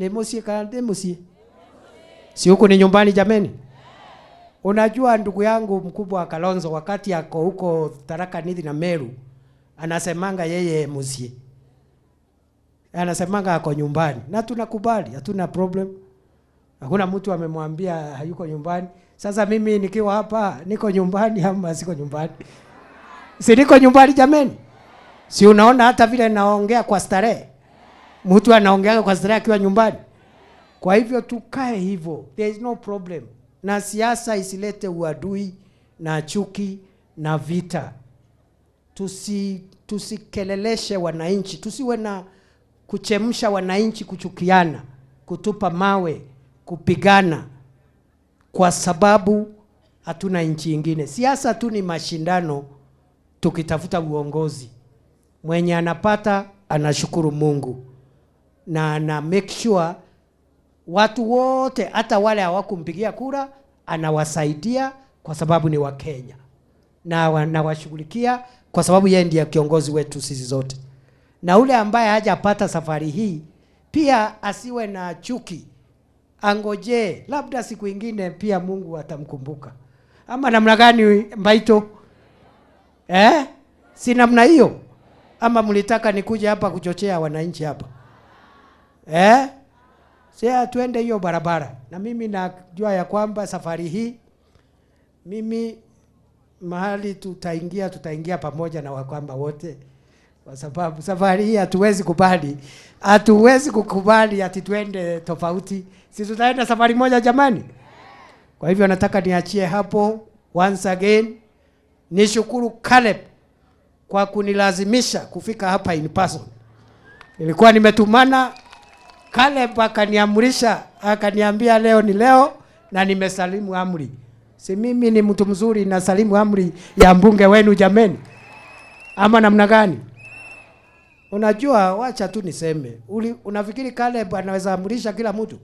Ni musie kandi musie. Si huku ni nyumbani jameni. Unajua ndugu yangu mkubwa wa Kalonzo wakati ako huko Tharaka Nithi na Meru anasemanga yeye musie. Anasemanga ako nyumbani na tunakubali, hatuna problem. Hakuna mtu amemwambia hayuko nyumbani. Sasa mimi nikiwa hapa niko nyumbani ama siko nyumbani? Si niko nyumbani jameni. Si unaona hata vile naongea kwa starehe. Mtu anaongeaga kwa starehe akiwa nyumbani. Kwa hivyo tukae hivyo, there is no problem, na siasa isilete uadui na chuki na vita. Tusi tusikeleleshe wananchi, tusiwe na kuchemsha wananchi kuchukiana, kutupa mawe, kupigana, kwa sababu hatuna nchi ingine. Siasa tu ni mashindano, tukitafuta uongozi. Mwenye anapata anashukuru Mungu na na make sure watu wote hata wale hawakumpigia kura anawasaidia kwa sababu ni Wakenya na anawashughulikia kwa sababu yeye ndiye kiongozi wetu sisi zote. Na ule ambaye hajapata safari hii pia asiwe na chuki, angoje labda siku ingine pia Mungu atamkumbuka, ama namna gani Mbaito? Eh, si namna hiyo? Ama mlitaka nikuje hapa kuchochea wananchi hapa? eh? Sasa twende hiyo barabara, na mimi najua ya kwamba safari hii mimi mahali tutaingia, tutaingia pamoja na Wakwamba wote, kwa sababu safari hii hatuwezi kubali, hatuwezi kukubali ati twende tofauti. Si tutaenda safari moja jamani? Kwa hivyo nataka niachie hapo. Once again nishukuru Caleb kwa kunilazimisha kufika hapa in person. Nilikuwa nimetumana Caleb akaniamrisha, akaniambia leo ni leo, na nimesalimu amri. Si mimi ni mtu mzuri na salimu amri ya mbunge wenu jameni, ama namna gani? Unajua, wacha tu niseme. Uli, unafikiri Caleb anaweza amrisha kila mtu?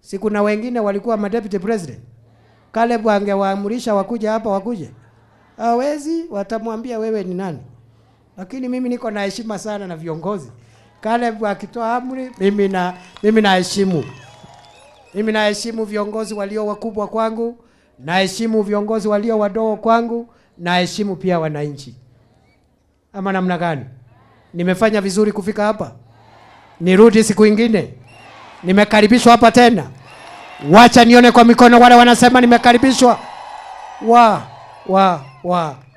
Si kuna wengine walikuwa ma deputy president. Caleb angewaamrisha wakuja hapa wakuje. Hawezi, watamwambia wewe ni nani. Lakini mimi niko na heshima sana na viongozi. Caleb akitoa amri, mimi na mimi naheshimu, mimi naheshimu viongozi walio wakubwa kwangu, naheshimu viongozi walio wadogo kwangu, naheshimu pia wananchi. Ama namna gani? Nimefanya vizuri kufika hapa? Nirudi siku ingine? Nimekaribishwa hapa tena? Wacha nione kwa mikono wale wanasema nimekaribishwa. Wa wa wa